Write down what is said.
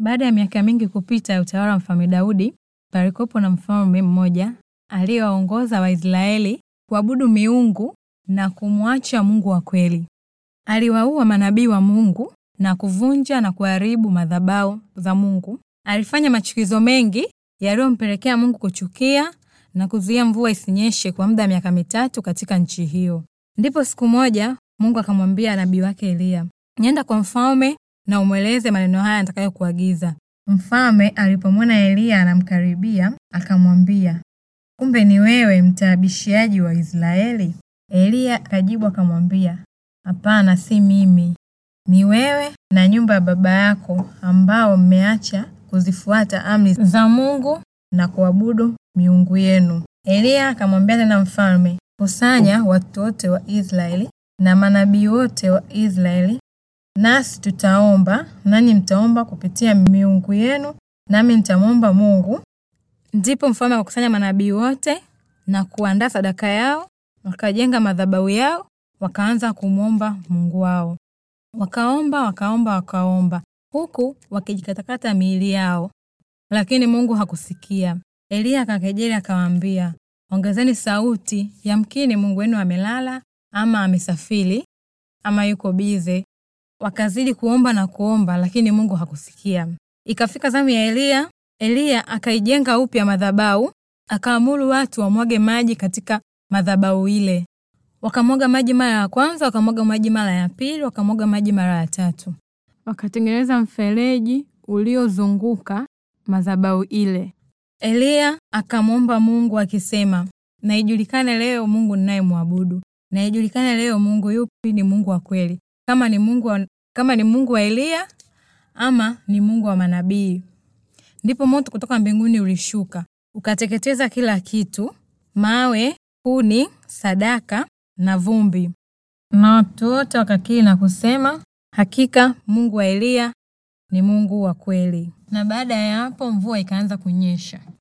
Baada ya miaka mingi kupita ya utawala wa mfalme Daudi, palikuwepo na mfalme mmoja aliyewaongoza Waisraeli kuabudu miungu na kumwacha Mungu wa kweli. Aliwaua manabii wa Mungu na kuvunja na kuharibu madhabahu za Mungu. Alifanya machukizo mengi yaliyompelekea Mungu kuchukia na kuzuia mvua isinyeshe kwa muda wa miaka mitatu katika nchi hiyo. Ndipo siku moja Mungu akamwambia nabii wake Eliya, nenda kwa mfalme na umweleze maneno haya nitakayokuagiza. Mfalme alipomwona Eliya anamkaribia, akamwambia, kumbe ni wewe mtaabishiaji wa Israeli? Eliya akajibu akamwambia, hapana, si mimi, ni wewe na nyumba ya baba yako ambao mmeacha kuzifuata amri za Mungu na kuabudu miungu yenu. Eliya akamwambia tena mfalme, kusanya watu wote wa Israeli na manabii wote wa Israeli Nasi tutaomba, nanyi mtaomba kupitia miungu yenu, nami nitamwomba Mungu. Ndipo mfalme akakusanya manabii wote na kuandaa sadaka yao, wakajenga madhabau yao, wakaanza kumwomba Mungu wao. Wakaomba, wakaomba, wakaomba huku wakijikatakata miili yao, lakini Mungu hakusikia. Eliya akakejeli akawaambia, ongezeni sauti, yamkini Mungu wenu amelala, ama amesafiri, ama yuko bize, Wakazidi kuomba na kuomba, lakini Mungu hakusikia. Ikafika zamu ya Eliya. Eliya akaijenga upya madhabau akaamuru watu wamwage maji katika madhabau ile. Wakamwaga maji mara ya kwanza, wakamwaga maji mara ya pili, wakamwaga maji mara ya tatu. Wakatengeneza mfereji uliozunguka madhabau ile. Eliya akamwomba Mungu akisema, naijulikane leo Mungu ninayemwabudu, naijulikane leo Mungu yupi ni Mungu wa kweli, kama ni Mungu wa, kama ni Mungu wa Eliya ama ni Mungu wa manabii. Ndipo moto kutoka mbinguni ulishuka ukateketeza kila kitu, mawe, kuni, sadaka na vumbi, na watu wote wakakili na kusema, hakika Mungu wa Eliya ni Mungu wa kweli. Na baada ya hapo mvua ikaanza kunyesha.